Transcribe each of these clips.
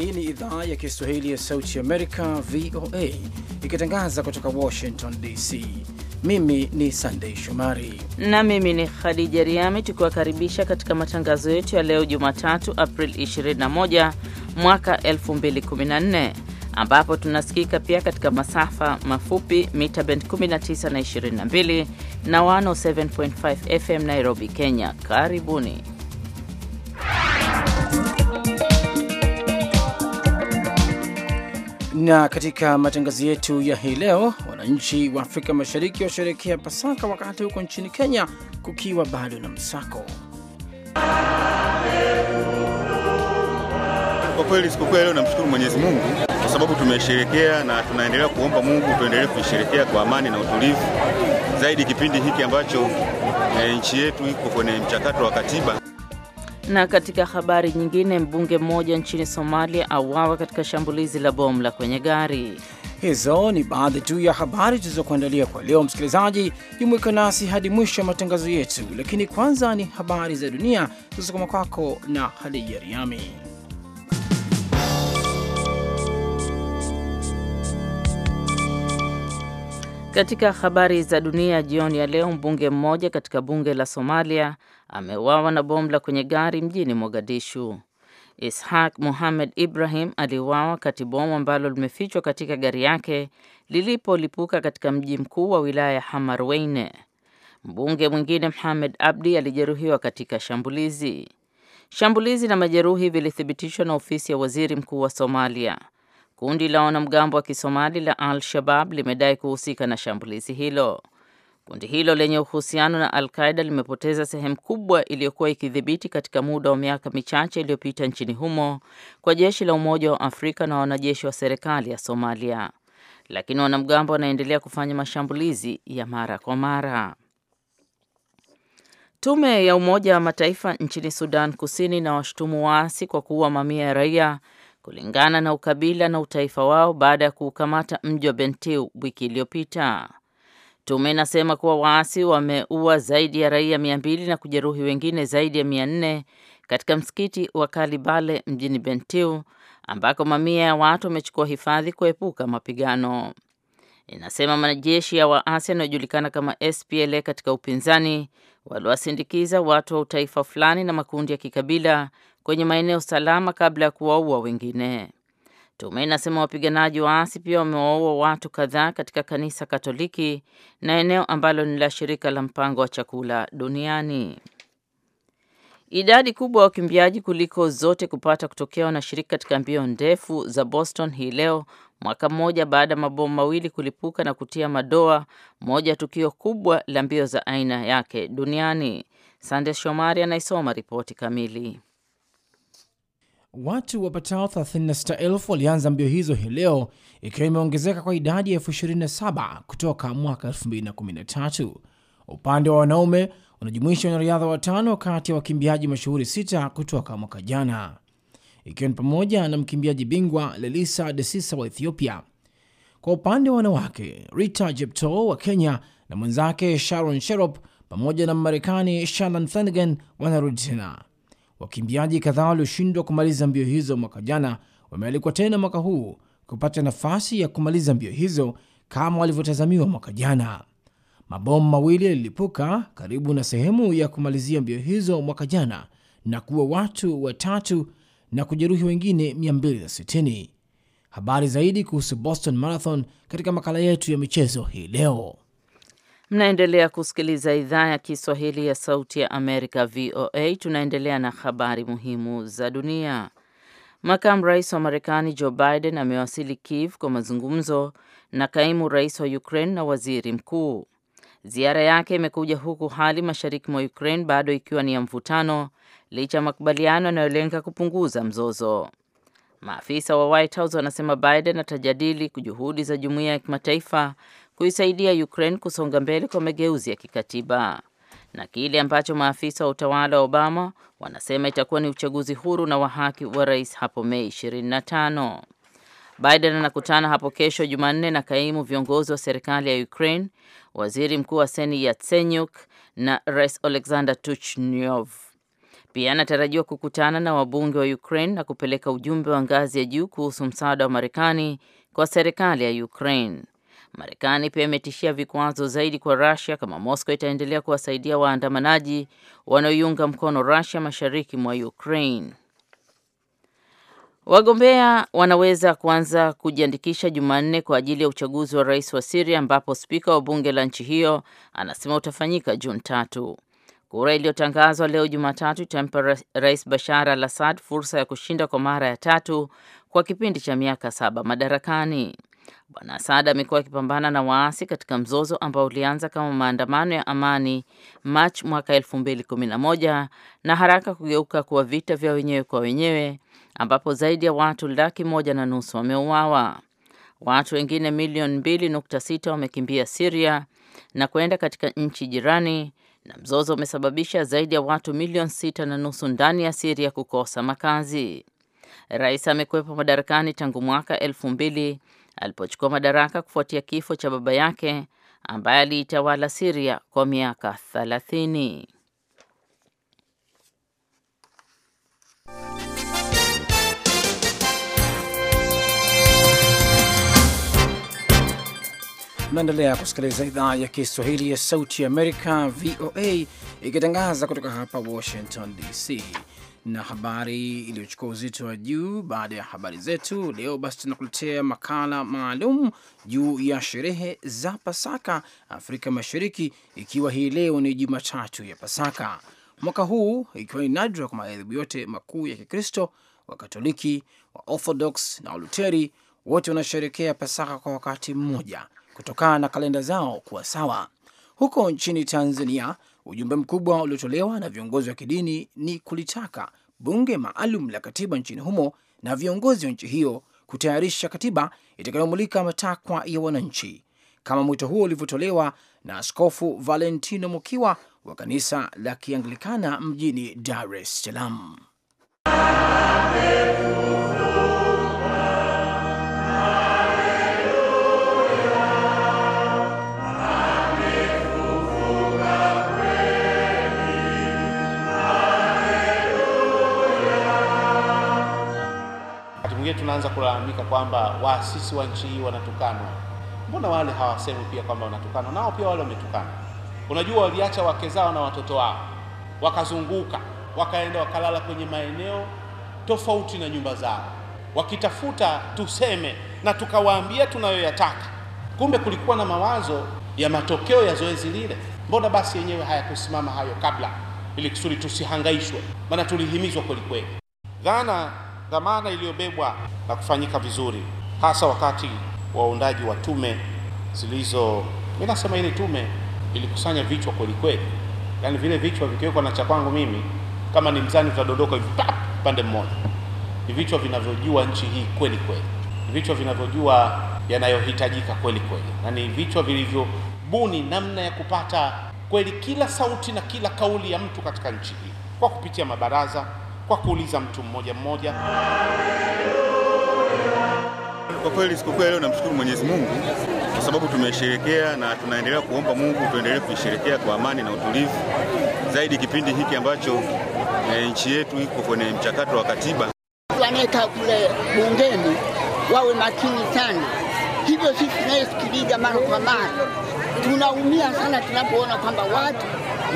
Hii ni idhaa ya Kiswahili ya Sauti Amerika, VOA, ikitangaza kutoka Washington DC. Mimi ni Sandei Shomari na mimi ni Khadija Riami, tukiwakaribisha katika matangazo yetu ya leo Jumatatu, april 21 mwaka 2014 ambapo tunasikika pia katika masafa mafupi mita bend 19 na 22 na 107.5 FM Nairobi, Kenya. Karibuni. Na katika matangazo yetu ya hii leo, wananchi wa Afrika Mashariki washerekea Pasaka, wakati huko nchini Kenya kukiwa bado na msako. Kwa kweli sikukuu ya leo namshukuru Mwenyezi Mungu kwa sababu tumesherekea na tunaendelea kuomba Mungu tuendelee kuisherekea kwa amani na utulivu zaidi, kipindi hiki ambacho eh, nchi yetu iko kwenye mchakato wa katiba. Na katika habari nyingine, mbunge mmoja nchini Somalia auawa katika shambulizi la bomu la kwenye gari. Hizo ni baadhi tu ya habari tulizokuandalia kwa leo. Msikilizaji, jumuika nasi hadi mwisho ya matangazo yetu, lakini kwanza ni habari za dunia zilizokoma kwako na Hadija Riami. Katika habari za dunia jioni ya leo, mbunge mmoja katika bunge la Somalia ameuawa na bomu la kwenye gari mjini Mogadishu. Ishaq Mohamed Ibrahim aliuawa wakati bomu ambalo limefichwa katika gari yake lilipolipuka katika mji mkuu wa wilaya ya Hamarweine. Mbunge mwingine Mohamed Abdi alijeruhiwa katika shambulizi. Shambulizi na majeruhi vilithibitishwa na ofisi ya waziri mkuu wa Somalia. Kundi la wanamgambo wa Kisomali la Al-Shabab limedai kuhusika na shambulizi hilo. Kundi hilo lenye uhusiano na al limepoteza sehemu kubwa iliyokuwa ikidhibiti katika muda wa miaka michache iliyopita nchini humo kwa jeshi la Umoja wa Afrika na wanajeshi wa serikali ya Somalia. Lakini wanamgambo wanaendelea kufanya mashambulizi ya mara kwa mara. Tume ya Umoja wa Mataifa nchini Sudan Kusini na washutumu waasi kwa kuua mamia ya raia kulingana na ukabila na utaifa wao baada ya kuukamata mji wa Bentiu wiki iliyopita. Tume inasema kuwa waasi wameua zaidi ya raia mia mbili na kujeruhi wengine zaidi ya mia nne katika msikiti wa Kalibale mjini Bentiu ambako mamia ya watu wamechukua hifadhi kuepuka mapigano. Inasema majeshi ya waasi yanayojulikana kama SPLA katika upinzani waliwasindikiza watu wa utaifa fulani na makundi ya kikabila kwenye maeneo salama kabla ya kuwaua wengine. Tume inasema wapiganaji waasi pia wamewaua watu kadhaa katika kanisa Katoliki na eneo ambalo ni la shirika la mpango wa chakula duniani. Idadi kubwa ya wakimbiaji kuliko zote kupata kutokea wanashiriki katika mbio ndefu za Boston hii leo, mwaka mmoja baada ya mabomu mawili kulipuka na kutia madoa, moja ya tukio kubwa la mbio za aina yake duniani. Sande Shomari anaisoma ripoti kamili. Watu wapatao 36,000 walianza mbio hizo hii leo, ikiwa imeongezeka kwa idadi ya 27 kutoka mwaka 2013. Upande wa wanaume unajumuisha wanariadha watano kati ya wakimbiaji mashuhuri sita kutoka mwaka jana, ikiwa ni pamoja na mkimbiaji bingwa Lelisa Desisa wa Ethiopia. Kwa upande wa wanawake, Rita jepto wa Kenya na mwenzake Sharon Sherop pamoja na Mmarekani Shannon Flanagan wanarudi tena. Wakimbiaji kadhaa walioshindwa kumaliza mbio hizo mwaka jana wamealikwa tena mwaka huu kupata nafasi ya kumaliza mbio hizo kama walivyotazamiwa mwaka jana. Mabomu mawili yalilipuka karibu na sehemu ya kumalizia mbio hizo mwaka jana na kuwa watu watatu na kujeruhi wengine 260. Habari zaidi kuhusu Boston Marathon katika makala yetu ya michezo hii leo. Mnaendelea kusikiliza idhaa ya Kiswahili ya Sauti ya Amerika, VOA. Tunaendelea na habari muhimu za dunia. Makamu rais wa Marekani Joe Biden amewasili Kiev kwa mazungumzo na kaimu rais wa Ukraine na waziri mkuu. Ziara yake imekuja huku hali mashariki mwa Ukraine bado ikiwa ni ya mvutano licha ya makubaliano yanayolenga kupunguza mzozo. Maafisa wa White House wanasema Biden atajadili juhudi za jumuiya ya kimataifa kuisaidia Ukraine kusonga mbele kwa mageuzi ya kikatiba na kile ambacho maafisa wa utawala wa Obama wanasema itakuwa ni uchaguzi huru na wa haki wa rais hapo Mei 25. Biden anakutana hapo kesho Jumanne na kaimu viongozi wa serikali ya Ukraine, waziri mkuu wa seni Yatsenyuk na rais Alexander Tuchnyov. Pia anatarajiwa kukutana na wabunge wa Ukraine na kupeleka ujumbe wa ngazi ya juu kuhusu msaada wa Marekani kwa serikali ya Ukraine. Marekani pia imetishia vikwazo zaidi kwa Russia kama Moscow itaendelea kuwasaidia waandamanaji wanaoiunga mkono Russia mashariki mwa Ukraine. Wagombea wanaweza kuanza kujiandikisha Jumanne kwa ajili ya uchaguzi wa rais wa Siria ambapo spika wa bunge la nchi hiyo anasema utafanyika Juni tatu. Kura iliyotangazwa leo Jumatatu itampa Rais Bashar al-Assad fursa ya kushinda kwa mara ya tatu kwa kipindi cha miaka saba madarakani. Bwana Asad amekuwa akipambana na waasi katika mzozo ambao ulianza kama maandamano ya amani Machi mwaka 2011 na haraka kugeuka kuwa vita vya wenyewe kwa wenyewe ambapo zaidi ya watu laki moja na nusu wameuawa. Watu wengine milioni 2.6 wamekimbia Siria na kwenda katika nchi jirani, na mzozo umesababisha zaidi ya watu milioni sita na nusu ndani ya Siria kukosa makazi. Rais amekuwepo madarakani tangu mwaka elfu mbili alipochukua madaraka kufuatia kifo cha baba yake ambaye aliitawala Siria kwa miaka 30. Naendelea kusikiliza idhaa ya Kiswahili ya Sauti ya Amerika, VOA, ikitangaza kutoka hapa Washington DC na habari iliyochukua uzito wa juu baada ya habari zetu leo. Basi tunakuletea makala maalum juu ya sherehe za Pasaka Afrika Mashariki, ikiwa hii leo ni Jumatatu ya Pasaka mwaka huu, ikiwa ni nadra kwa madhehebu yote makuu ya Kikristo, Wakatoliki, wa na Waluteri wote wanasherekea Pasaka kwa wakati mmoja kutokana na kalenda zao kuwa sawa. Huko nchini Tanzania Ujumbe mkubwa uliotolewa na viongozi wa kidini ni kulitaka bunge maalum la katiba nchini humo na viongozi wa nchi hiyo kutayarisha katiba itakayomulika matakwa ya wananchi, kama mwito huo ulivyotolewa na Askofu Valentino Mukiwa wa kanisa la Kianglikana mjini Dar es Salaam. wanaanza kulalamika kwamba waasisi wa nchi hii wanatukanwa. Mbona wale hawasemi pia kwamba wanatukanwa? Nao pia wale wametukanwa. Unajua, waliacha wake zao na watoto wao wakazunguka, wakaenda wakalala kwenye maeneo tofauti na nyumba zao, wakitafuta tuseme na tukawaambia tunayoyataka. Kumbe kulikuwa na mawazo ya matokeo ya zoezi lile. Mbona basi yenyewe hayakusimama hayo kabla, ili kusudi tusihangaishwe? Maana tulihimizwa kweli kweli dhana dhamana iliyobebwa na kufanyika vizuri, hasa wakati wa uundaji wa tume zilizo, mimi nasema ile tume ilikusanya vichwa kweli kweli, yaani vile vichwa vikiwekwa na cha kwangu mimi kama ni mzani vitadondoka hivi pande mmoja. Ni vichwa vinavyojua nchi hii kweli kweli, ni vichwa vinavyojua yanayohitajika kweli kweli, na ni vichwa vilivyobuni namna ya kupata kweli kila sauti na kila kauli ya mtu katika nchi hii kwa kupitia mabaraza kwa kuuliza mtu mmoja mmoja. Kwa kweli sikukuu ya leo namshukuru Mwenyezi Mungu kwa sababu tumesherekea na tunaendelea kuomba Mungu tuendelee kuisherekea kwa amani na utulivu zaidi, kipindi hiki ambacho e, nchi yetu iko kwenye mchakato wa katiba. Wanaeka kule bungeni wawe makini sana, hivyo sisi tunayesikiliza mara kwa mara tunaumia sana tunapoona kwamba watu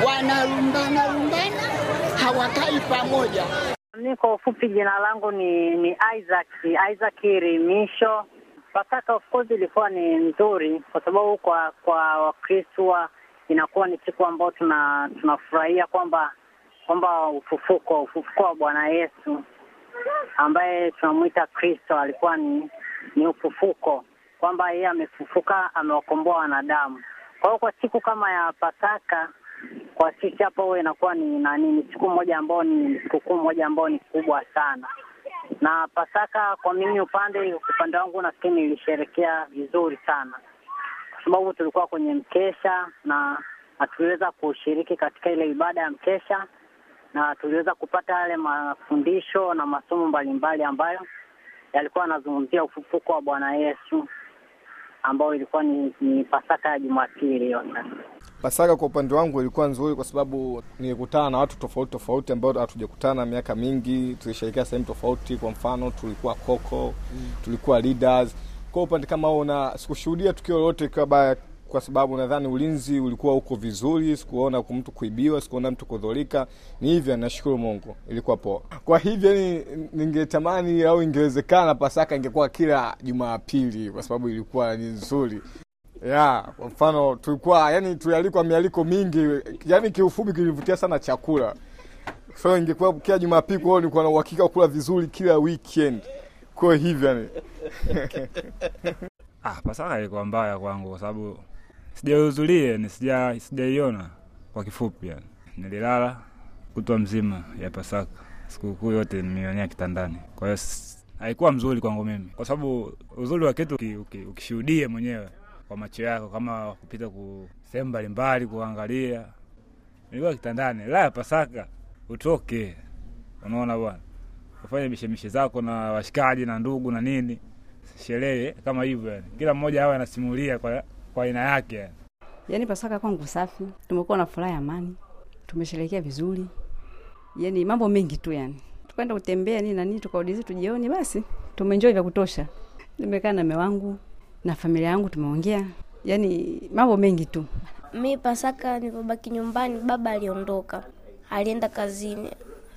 wanalumbana lumbana hawakai pamoja. Mi kwa ufupi, jina langu ni ni Isaac Isaac Rimisho. Pasaka of course ilikuwa ni nzuri, kwa sababu kwa kwa Wakristo inakuwa ni siku ambayo tuna tunafurahia kwamba kwamba ufufuko ufufuko wa Bwana Yesu ambaye tunamwita Kristo alikuwa ni ni ufufuko, kwamba yeye amefufuka, amewakomboa wanadamu. Kwa hiyo kwa siku kama ya Pasaka kwa sisi hapa huwa inakuwa ni nani, ni siku moja ambao ni sikukuu moja ambao ni kubwa sana. Na Pasaka kwa mimi upande upande wangu nafikiri nilisherekea vizuri sana, kwa sababu tulikuwa kwenye mkesha na tuliweza kushiriki katika ile ibada ya mkesha na tuliweza kupata yale mafundisho na masomo mbalimbali ambayo yalikuwa yanazungumzia ufufuko wa Bwana Yesu ambayo ilikuwa ni, ni Pasaka ya Jumapili yote. Pasaka kwa upande wangu ilikuwa nzuri kwa sababu nilikutana na watu tofauti tofauti ambao hatujakutana miaka mingi. Tulisherekea sehemu tofauti, kwa mfano tulikuwa Koko, mm. tulikuwa Leaders. Kwa upande kama huo, na sikushuhudia tukio lolote ikiwa baya kwa sababu nadhani ulinzi ulikuwa uko vizuri, sikuona mtu kuibiwa, sikuona mtu kudhulika. Ni hivyo, nashukuru Mungu, ilikuwa poa. Kwa hivyo ni ningetamani au ingewezekana Pasaka ingekuwa kila Jumapili kwa sababu ilikuwa ni nzuri ya kwa mfano tulikuwa yani, tulialikwa mialiko mingi, yani kiufupi kilivutia sana chakula, so ingekuwa kila Jumapili. Kwa hiyo nilikuwa na uhakika kula vizuri kila weekend, kwa hivyo yani. Ah, Pasaka ilikuwa mbaya kwangu kwa sababu sijahudhuria, ni sija sijaiona kwa kifupi. Yani nililala kutwa mzima ya Pasaka, sikukuu yote nimeonea kitandani, kwa hiyo haikuwa mzuri kwangu mimi, kwa sababu uzuri wa kitu ukishuhudie mwenyewe kwa macho yako, kama kupita ku sehemu mbalimbali kuangalia. Nilikuwa kitandani, la ya Pasaka utoke, unaona bwana, ufanye mishemishe zako na washikaji na ndugu na nini, sherehe kama hivyo, yani kila mmoja awe anasimulia kwa kwa aina yake. Yani Pasaka kwangu safi, tumekuwa na furaha ya amani, tumesherehekea vizuri, yani mambo mengi tu, yani tukaenda kutembea nini na nini, tukauliza tujioni, basi tumeenjoy vya kutosha. Nimekaa na mume wangu na familia yangu, tumeongea yani mambo mengi tu. Mi Pasaka nilipobaki nyumbani, baba aliondoka, alienda kazini.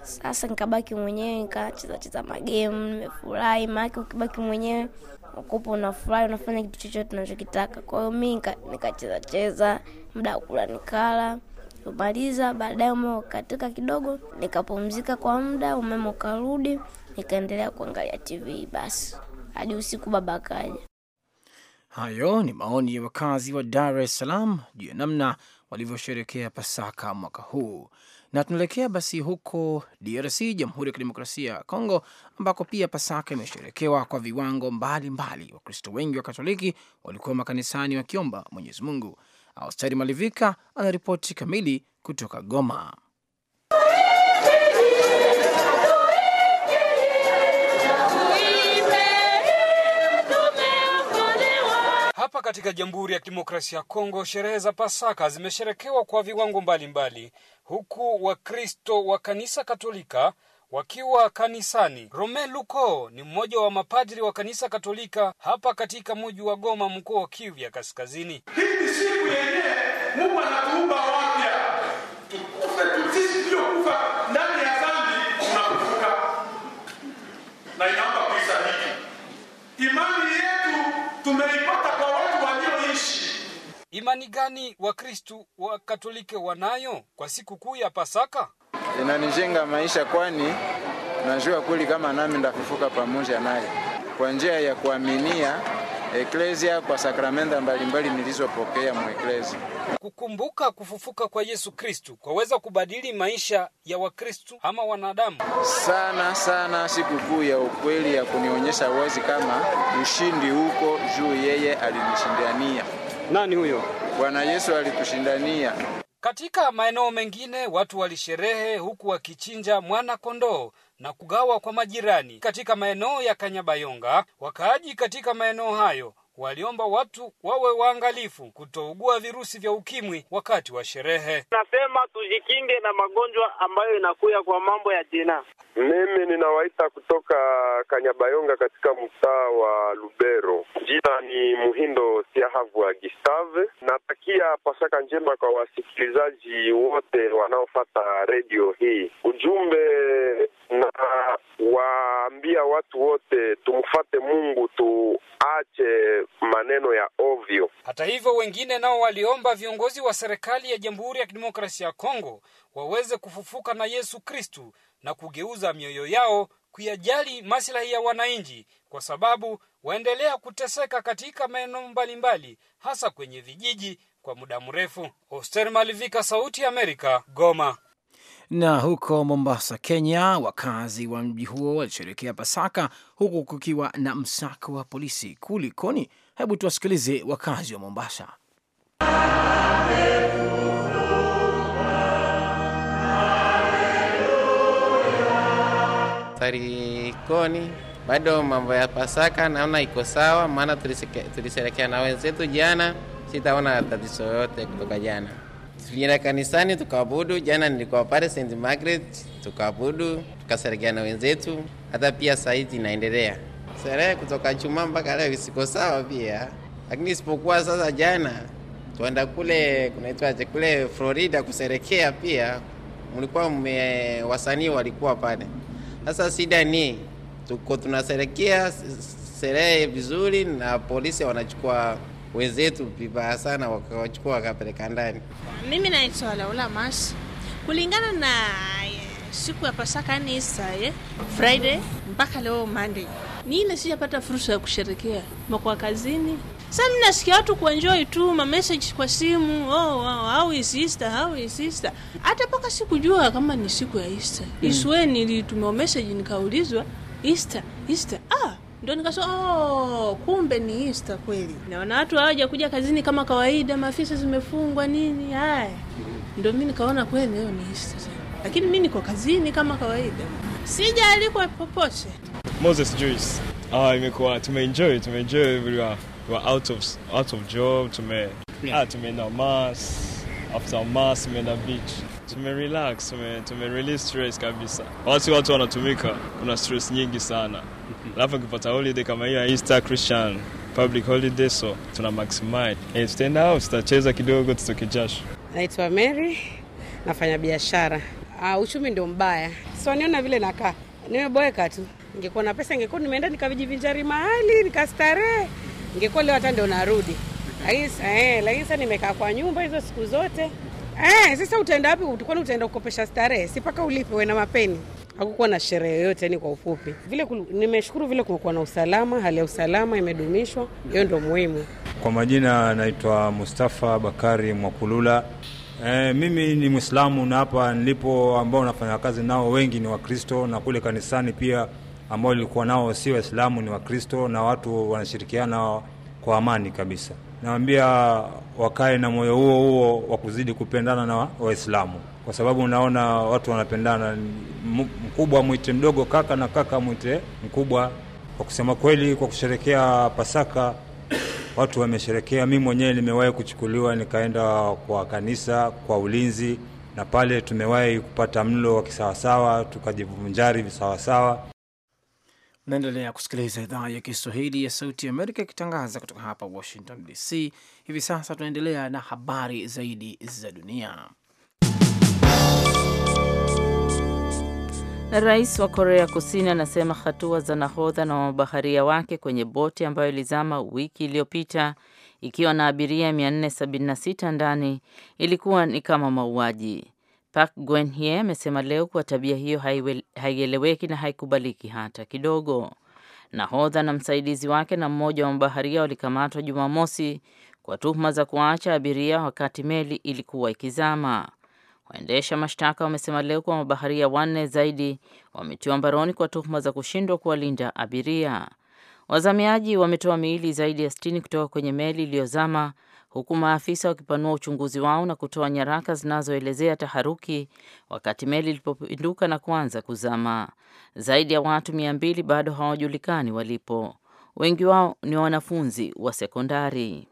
Sasa nikabaki mwenyewe, cheza magemu, nimefurahi maake ukibaki mwenyewe ukopo unafurahi, unafanya kitu chochote unachokitaka. Kwa hiyo mi nikacheza cheza, muda wa kula nikala kumaliza baadaye, umeme ukatika kidogo, nikapumzika kwa muda, umeme ukarudi, nikaendelea kuangalia TV basi hadi usiku baba kaja Hayo ni maoni ya wakazi wa Dar es Salaam juu ya namna walivyosherekea Pasaka mwaka huu. Na tunaelekea basi huko DRC, Jamhuri ya Kidemokrasia ya Kongo, ambako pia Pasaka imesherekewa kwa viwango mbalimbali. Wakristo wengi wa Katoliki walikuwa makanisani wakiomba Mwenyezi Mungu. Austari Malivika anaripoti kamili kutoka Goma. Hapa katika Jamhuri ya Kidemokrasia ya Kongo, sherehe za Pasaka zimesherekewa kwa viwango mbalimbali, huku Wakristo wa kanisa Katolika wakiwa kanisani. Rome Luko ni mmoja wa mapadri wa kanisa Katolika hapa katika mji wa Goma, mkoa wa Kivu ya Kaskazini. Hii siku Mungu anatuumba wapya, tukufe tuliokufa ndani ya dhambi, tunafufuka na inaomba imani yetu tumeipata Imani gani Wakristu wa Katolike wanayo kwa sikukuu ya Pasaka? Inanijenga maisha, kwani najua kweli kama nami ndafufuka pamoja naye kwa njia ya kuaminia eklezia kwa sakramenta mbalimbali nilizopokea mweklezia. Kukumbuka kufufuka kwa Yesu Kristu kwaweza kubadili maisha ya Wakristu ama wanadamu sana sana. Sikukuu ya ukweli ya kunionyesha wazi kama ushindi huko juu, yeye alinishindania nani huyo? Bwana Yesu alitushindania. Katika maeneo mengine watu walisherehe huku wakichinja mwana kondoo na kugawa kwa majirani. Katika maeneo ya Kanyabayonga, wakaaji katika maeneo hayo waliomba watu wawe waangalifu kutougua virusi vya ukimwi wakati wa sherehe. Nasema tujikinge na magonjwa ambayo inakuya kwa mambo ya jina. Mimi ninawaita kutoka Kanyabayonga katika mtaa wa Lubero. Jina ni Muhindo wa Gistave. Natakia pasaka njema kwa wasikilizaji wote wanaofata redio hii. Ujumbe na waambia watu wote tumfate Mungu, tuache maneno ya ovyo. Hata hivyo, wengine nao waliomba viongozi wa serikali ya Jamhuri ya Kidemokrasia ya Kongo waweze kufufuka na Yesu Kristu na kugeuza mioyo yao kuyajali maslahi ya wananchi, kwa sababu waendelea kuteseka katika maeneo mbalimbali, hasa kwenye vijiji kwa muda mrefu. Oster Malivika, Sauti ya Amerika, Goma. Na huko Mombasa, Kenya, wakazi wa mji huo walisherekea Pasaka huku kukiwa na msako wa polisi. Kulikoni? Hebu tuwasikilize wakazi wa Mombasa. Sarikoni bado mambo ya Pasaka naona iko sawa, maana tulisherekea na wenzetu jana, sitaona tatizo yoyote kutoka jana tulienda kanisani tukaabudu. Jana nilikuwa pale St Margaret tukaabudu, tukasherekea na wenzetu, hata pia saizi inaendelea sherehe kutoka chuma mpaka leo isiko sawa pia, lakini isipokuwa sasa, jana tuenda kule kunaitwaje kule Florida kuserekea pia, mlikuwa mme wasanii walikuwa pale. Sasa shida ni tuko tunaserekea sherehe vizuri na polisi wanachukua wenzetu vibaya sana, wakawachukua wakapeleka ndani. Mimi naitwa Laula Mash. kulingana na eh, siku ya Pasaka, ni yaani Easter eh, Friday mpaka leo Monday, ni ile sijapata fursa ya kusherekea, makuwa kazini. Sasa mimi nasikia watu kuenjoy tu ma message kwa simu, oh wow, how is Easter, how is Easter. Hata paka sikujua kama ni siku ya Easter. Mm. Iswe nilitumiwa message nikaulizwa Easter, Easter. Ah, ndio nikasema oh, kumbe ni Easter kweli, naona watu hawaja kuja kazini kama kawaida, maafisa zimefungwa nini. Haya, ndio mimi nikaona kweli leo ni Easter, lakini mimi niko kazini kama kawaida, sijaalikwa popote. Moses Joyce. Ah, imekuwa tume tumeenjoy, tumeenjoy everywhere. We are out of out of job, tume yeah. ah, na mass after mass, na beach tumerelax tume, tume release stress kabisa. Wati watu wanatumika, kuna stress nyingi sana alafu nikipata holiday kama hiyo Easter Christian public holiday, so tuna maximize hey, eh, stand out tutacheza kidogo, tutoke jasho. Naitwa Mary, nafanya biashara. Uh, uchumi ndio mbaya, so niona vile nakaa nimeboeka tu. Ningekuwa na pesa ningekuwa nimeenda nikavijivinjari mahali nikastarehe, ningekuwa leo hata ndio narudi, lakini eh, lakini sasa nimekaa kwa nyumba hizo siku zote Eh, sasa utaenda wapi? Kwani utaenda kukopesha starehe? Si paka ulipe wewe na mapeni. Hakukuwa na sherehe yoyote, ni kwa ufupi vile. Nimeshukuru vile kumekuwa na usalama, hali ya usalama imedumishwa, hiyo ndio muhimu. Kwa majina naitwa Mustafa Bakari Mwakulula. E, mimi ni Mwislamu na hapa nilipo ambao nafanya kazi nao wengi ni Wakristo, na kule kanisani pia ambao nilikuwa nao si Waislamu, ni Wakristo na watu wanashirikiana kwa amani kabisa naambia wakae na moyo huo huo wa kuzidi kupendana na Waislamu, kwa sababu unaona watu wanapendana, mkubwa mwite mdogo kaka na kaka mwite mkubwa. Kwa kusema kweli, kwa kusherekea Pasaka watu wamesherekea. Mi mwenyewe nimewahi kuchukuliwa nikaenda kwa kanisa kwa ulinzi, na pale tumewahi kupata mlo wa kisawasawa, tukajivunjari visawasawa Naendelea kusikiliza idhaa ya Kiswahili ya Sauti Amerika ikitangaza kutoka hapa Washington DC. Hivi sasa tunaendelea na habari zaidi za dunia. Rais wa Korea Kusini anasema hatua za nahodha na mabaharia wake kwenye boti ambayo ilizama wiki iliyopita ikiwa na abiria 476 ndani ilikuwa ni kama mauaji. Park Geun-hye amesema leo kuwa tabia hiyo haieleweki na haikubaliki hata kidogo. Nahodha na msaidizi wake na mmoja wa mabaharia walikamatwa Jumamosi kwa tuhuma za kuwaacha abiria wakati meli ilikuwa ikizama. Waendesha mashtaka wamesema leo kuwa mabaharia wanne zaidi wametiwa mbaroni kwa tuhuma za kushindwa kuwalinda abiria. Wazamiaji wametoa miili zaidi ya 60 kutoka kwenye meli iliyozama huku maafisa wakipanua uchunguzi wao na kutoa nyaraka zinazoelezea taharuki wakati meli ilipopinduka na kuanza kuzama. Zaidi ya watu mia mbili bado hawajulikani walipo. Wengi wao ni wanafunzi wa sekondari.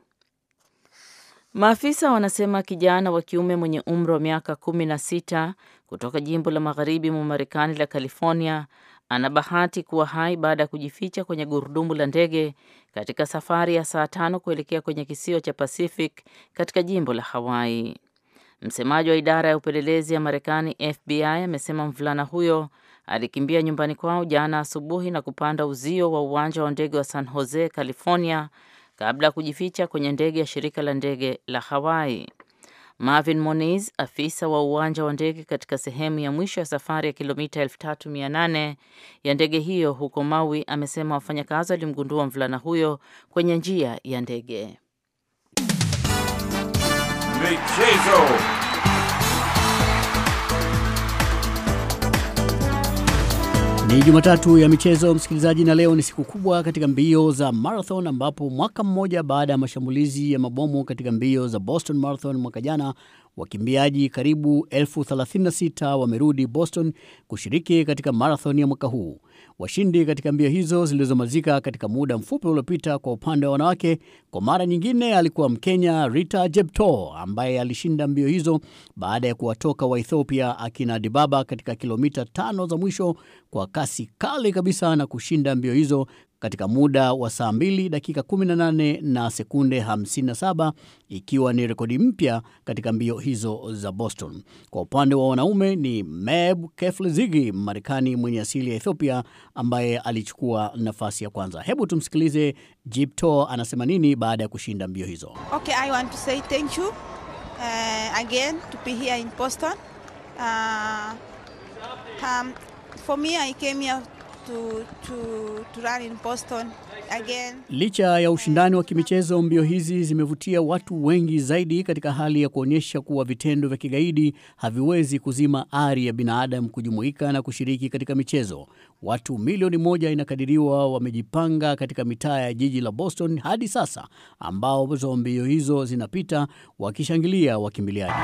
Maafisa wanasema kijana wa kiume mwenye umri wa miaka kumi na sita kutoka jimbo la magharibi mwa Marekani la California ana bahati kuwa hai baada ya kujificha kwenye gurudumu la ndege katika safari ya saa tano kuelekea kwenye kisiwa cha Pacific katika jimbo la Hawaii. Msemaji wa idara ya upelelezi ya Marekani FBI amesema mvulana huyo alikimbia nyumbani kwao jana asubuhi na kupanda uzio wa uwanja wa ndege wa San Jose, California kabla ya kujificha kwenye ndege ya shirika la ndege la Hawaii. Marvin Moniz, afisa wa uwanja wa ndege katika sehemu ya mwisho ya safari ya kilomita 3800 ya ndege hiyo huko Maui, amesema wafanyakazi walimgundua mvulana huyo kwenye njia ya ndege. Michezo. Ni Jumatatu ya michezo msikilizaji, na leo ni siku kubwa katika mbio za marathon, ambapo mwaka mmoja baada ya mashambulizi ya mabomu katika mbio za Boston Marathon mwaka jana, wakimbiaji karibu elfu 36 wamerudi Boston kushiriki katika marathon ya mwaka huu. Washindi katika mbio hizo zilizomalizika katika muda mfupi uliopita kwa upande wa wanawake, kwa mara nyingine alikuwa Mkenya Rita jepto ambaye alishinda mbio hizo baada ya kuwatoka wa ethiopia akina Dibaba katika kilomita tano za mwisho kwa kasi kali kabisa na kushinda mbio hizo katika muda wa saa 2 dakika 18 na sekunde 57, ikiwa ni rekodi mpya katika mbio hizo za Boston. Kwa upande wa wanaume ni Meb keflezigi Marekani mwenye asili ya Ethiopia, ambaye alichukua nafasi ya kwanza. Hebu tumsikilize Jipto anasema nini baada ya kushinda mbio hizo. Okay, I want to say thank you. Uh, again to be here in Boston. Uh, um, for me, I came here to, to, to run in Boston again. Licha ya ushindani wa kimichezo, mbio hizi zimevutia watu wengi zaidi katika hali ya kuonyesha kuwa vitendo vya kigaidi haviwezi kuzima ari ya binadamu kujumuika na kushiriki katika michezo. Watu milioni moja inakadiriwa wamejipanga katika mitaa ya jiji la Boston hadi sasa, ambao mbio hizo zinapita wakishangilia wakimbiliaji.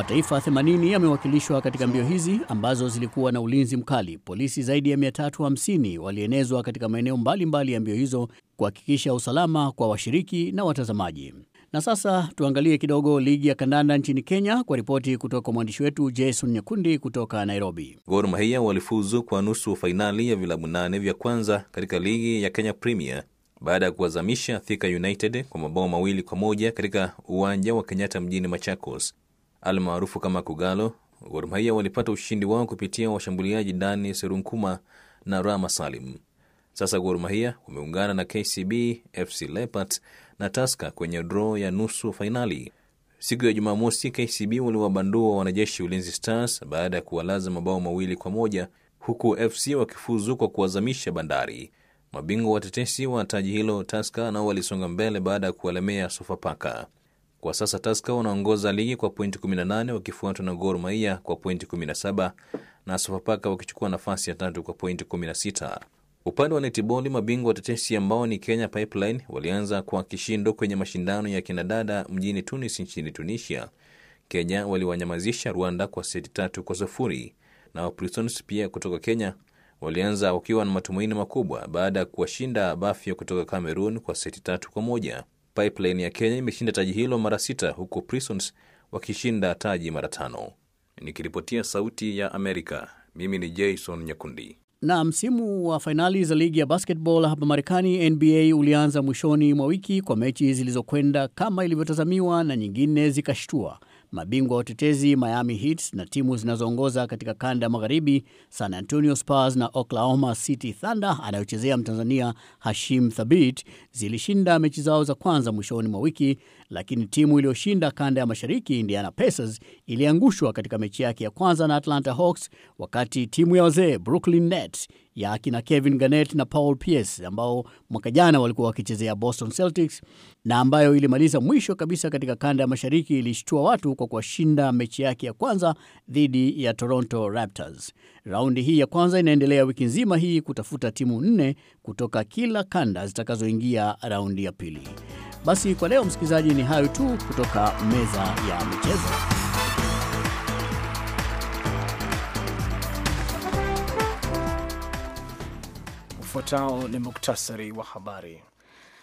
Mataifa 80 yamewakilishwa katika mbio hizi ambazo zilikuwa na ulinzi mkali. Polisi zaidi ya 350 walienezwa katika maeneo mbalimbali ya mbio hizo kuhakikisha usalama kwa washiriki na watazamaji. Na sasa tuangalie kidogo ligi ya kandanda nchini Kenya kwa ripoti kutoka kwa mwandishi wetu Jason Nyakundi kutoka Nairobi. Gor Mahia walifuzu kwa nusu fainali ya vilabu nane vya kwanza katika ligi ya Kenya Premier baada ya kuwazamisha Thika United kwa mabao mawili kwa moja katika uwanja wa Kenyatta mjini Machakos almaarufu kama kugalo Gor Mahia walipata ushindi wao kupitia washambuliaji Dani Serunkuma na Rama Salim. Sasa Gor Mahia wameungana na KCB, FC Leopards na Taska kwenye draw ya nusu fainali. Siku ya Jumamosi, KCB waliwabandua wanajeshi Ulinzi Stars baada ya kuwalaza mabao mawili kwa moja huku FC wakifuzu kwa kuwazamisha Bandari. Mabingwa watetesi wa taji hilo Taska nao walisonga mbele baada ya kuwalemea Sofapaka. Kwa sasa Taska wanaongoza ligi kwa pointi 18 wakifuatwa na Gor Mahia kwa pointi 17 na Sofapaka wakichukua nafasi ya tatu kwa pointi 16. Upande wa netiboli, mabingwa watetesi ambao ni Kenya Pipeline walianza kwa kishindo kwenye mashindano ya kinadada mjini Tunis nchini Tunisia. Kenya waliwanyamazisha Rwanda kwa seti tatu kwa sufuri na Prisons pia kutoka Kenya walianza wakiwa na matumaini makubwa baada ya kuwashinda Bafia kutoka Cameroon kwa seti tatu kwa moja. Pipeline ya Kenya imeshinda taji hilo mara sita huku Prisons wakishinda taji mara tano. Nikiripotia Sauti ya Amerika, mimi ni Jason Nyakundi. Na msimu wa fainali za ligi ya basketball hapa Marekani, NBA, ulianza mwishoni mwa wiki kwa mechi zilizokwenda kama ilivyotazamiwa na nyingine zikashtua mabingwa watetezi Miami Heat na timu zinazoongoza katika kanda ya magharibi San Antonio Spurs na Oklahoma City Thunder anayochezea Mtanzania Hashim Thabit zilishinda mechi zao za kwanza mwishoni mwa wiki, lakini timu iliyoshinda kanda ya mashariki Indiana Pacers iliangushwa katika mechi yake ya kwanza na Atlanta Hawks, wakati timu ya wazee Brooklyn Nets ya akina Kevin Garnett na Paul Pierce ambao mwaka jana walikuwa wakichezea Boston Celtics na ambayo ilimaliza mwisho kabisa katika kanda ya Mashariki, ilishtua watu kwa kuwashinda mechi yake ya kwanza dhidi ya Toronto Raptors. Raundi hii ya kwanza inaendelea wiki nzima hii kutafuta timu nne kutoka kila kanda zitakazoingia raundi ya pili. Basi kwa leo, msikilizaji, ni hayo tu kutoka meza ya michezo. Ufuatao ni muktasari wa habari.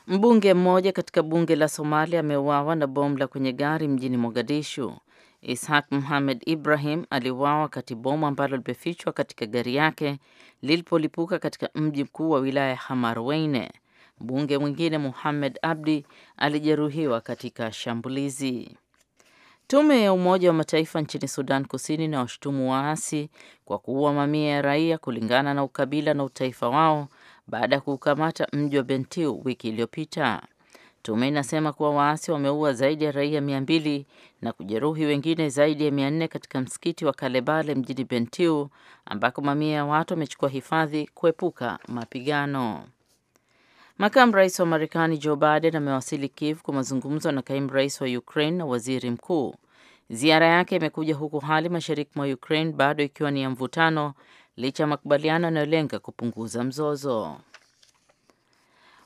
Mbunge mmoja katika bunge la Somalia ameuawa na bomu la kwenye gari mjini Mogadishu. Ishaq Muhamed Ibrahim aliuawa wakati bomu ambalo limefichwa katika gari yake lilipolipuka katika mji mkuu wa wilaya ya Hamarweine. Mbunge mwingine Muhamed Abdi alijeruhiwa katika shambulizi. Tume ya Umoja wa Mataifa nchini Sudan Kusini na washutumu waasi kwa kuua mamia ya raia kulingana na ukabila na utaifa wao baada ya kukamata mji wa Bentiu wiki iliyopita. Tume inasema kuwa waasi wameua zaidi ya raia mia mbili na kujeruhi wengine zaidi ya mia nne katika msikiti wa Kalebale mjini Bentiu ambako mamia ya watu wamechukua hifadhi kuepuka mapigano. Makamu rais wa Marekani Joe Biden amewasili Kiev kwa mazungumzo na kaimu rais wa Ukraine na waziri mkuu. Ziara yake imekuja huku hali mashariki mwa Ukraine bado ikiwa ni ya mvutano licha ya makubaliano yanayolenga kupunguza mzozo.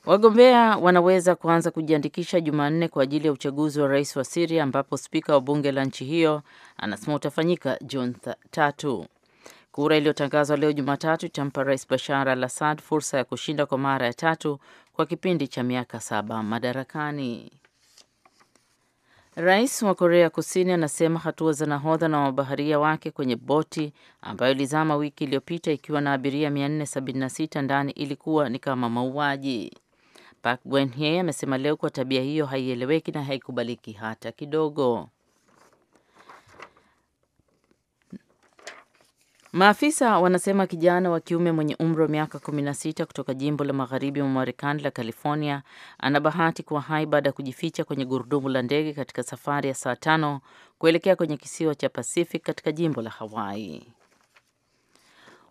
Wagombea wanaweza kuanza kujiandikisha Jumanne kwa ajili ya uchaguzi wa rais wa Siria ambapo spika wa bunge la nchi hiyo anasema utafanyika Juni tatu. Kura iliyotangazwa leo Jumatatu itampa rais Bashar al Assad fursa ya kushinda kwa mara ya tatu kwa kipindi cha miaka saba madarakani. Rais wa Korea Kusini anasema hatua za nahodha na mabaharia wake kwenye boti ambayo ilizama wiki iliyopita ikiwa na abiria 476 ndani ilikuwa ni kama mauaji. Park Geun-hye amesema leo kuwa tabia hiyo haieleweki na haikubaliki hata kidogo. Maafisa wanasema kijana wa kiume mwenye umri wa miaka 16 kutoka jimbo la magharibi mwa Marekani la California ana bahati kuwa hai baada ya kujificha kwenye gurudumu la ndege katika safari ya saa tano kuelekea kwenye kisiwa cha Pacific katika jimbo la Hawaii.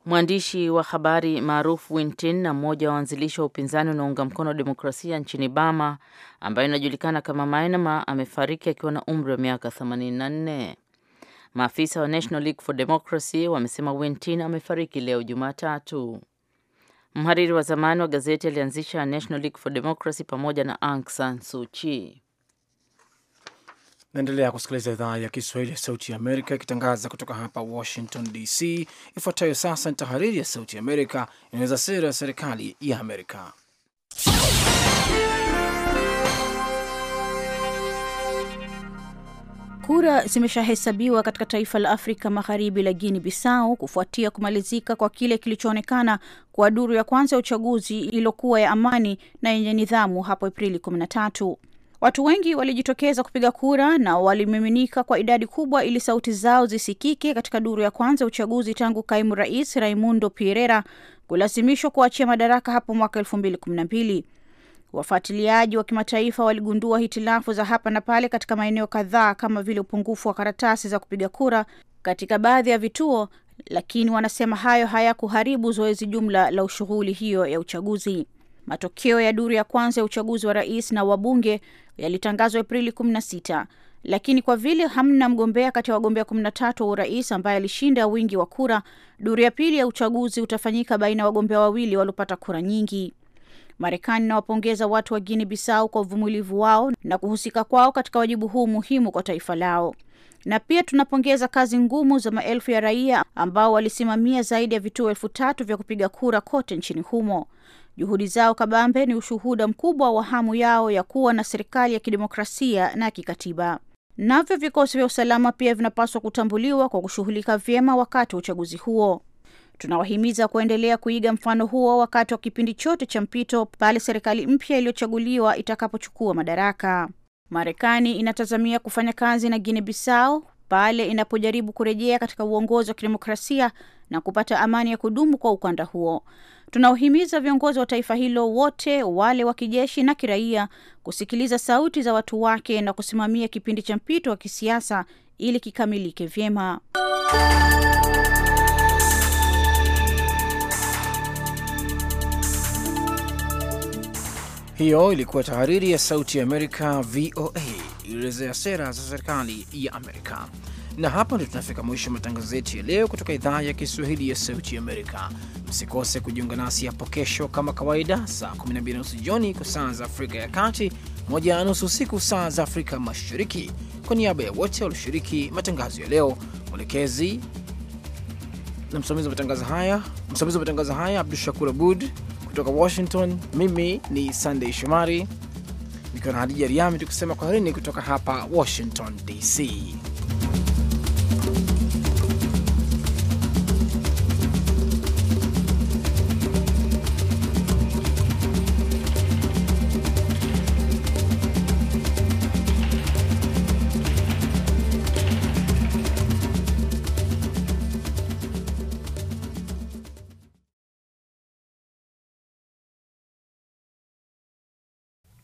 Mwandishi wa habari maarufu Wintin na mmoja wa waanzilishi wa upinzani unaounga mkono wa demokrasia nchini Bama ambayo inajulikana kama Mainama amefariki akiwa na umri wa miaka 84. Maafisa wa National League for Democracy wamesema Wintin amefariki leo Jumatatu. Mhariri wa zamani wa gazeti alianzisha National League for Democracy pamoja na Aung San Suu Kyi. Naendelea kusikiliza idhaa ya Kiswahili ya Sauti ya Amerika ikitangaza kutoka hapa Washington DC. Ifuatayo sasa ni tahariri ya Sauti ya Amerika inaweza sera ya serikali ya Amerika. Kura zimeshahesabiwa katika taifa la Afrika Magharibi la Guinea Bissau kufuatia kumalizika kwa kile kilichoonekana kwa duru ya kwanza ya uchaguzi iliyokuwa ya amani na yenye nidhamu hapo Aprili 13. Watu wengi walijitokeza kupiga kura na walimiminika kwa idadi kubwa ili sauti zao zisikike katika duru ya kwanza ya uchaguzi tangu kaimu rais Raimundo Pierera kulazimishwa kuachia madaraka hapo mwaka elfu mbili. Wafuatiliaji wa kimataifa waligundua hitilafu za hapa na pale katika maeneo kadhaa kama vile upungufu wa karatasi za kupiga kura katika baadhi ya vituo, lakini wanasema hayo hayakuharibu zoezi jumla la shughuli hiyo ya uchaguzi. Matokeo ya duru ya kwanza ya uchaguzi wa rais na wabunge yalitangazwa Aprili 16, lakini kwa vile hamna mgombea kati ya wagombea 13 wa urais ambaye alishinda wingi wa kura, duru ya pili ya uchaguzi utafanyika baina ya wagombea wawili waliopata kura nyingi. Marekani inawapongeza watu wa Guinea Bissau kwa uvumilivu wao na kuhusika kwao katika wajibu huu muhimu kwa taifa lao na pia tunapongeza kazi ngumu za maelfu ya raia ambao walisimamia zaidi ya vituo elfu tatu vya kupiga kura kote nchini humo. Juhudi zao kabambe ni ushuhuda mkubwa wa hamu yao ya kuwa na serikali ya kidemokrasia na ya kikatiba. Navyo vikosi vya usalama pia vinapaswa kutambuliwa kwa kushughulika vyema wakati wa uchaguzi huo. Tunawahimiza kuendelea kuiga mfano huo wakati wa kipindi chote cha mpito pale serikali mpya iliyochaguliwa itakapochukua madaraka. Marekani inatazamia kufanya kazi na Guinea Bissau pale inapojaribu kurejea katika uongozi wa kidemokrasia na kupata amani ya kudumu kwa ukanda huo. Tunawahimiza viongozi wa taifa hilo wote, wale wa kijeshi na kiraia, kusikiliza sauti za watu wake na kusimamia kipindi cha mpito wa kisiasa ili kikamilike vyema. Hiyo ilikuwa tahariri ya Sauti ya Amerika, VOA, ilielezea sera za serikali ya Amerika. Na hapa ndio tunafika mwisho wa matangazo yetu ya leo kutoka idhaa ya Kiswahili ya Sauti ya Amerika. Msikose kujiunga nasi hapo kesho kama kawaida, saa 12 nusu jioni kwa saa za Afrika ya Kati, moja na nusu usiku saa za Afrika Mashariki. Kwa niaba ya wote walioshiriki matangazo ya leo, mwelekezi na msimamizi wa matangazo haya, msimamizi wa matangazo haya Abdu Shakur Abud. Kutoka Washington, mimi ni Sandey Shomari nikiwa na Hadija Riami, tukisema kwaherini kutoka hapa Washington DC.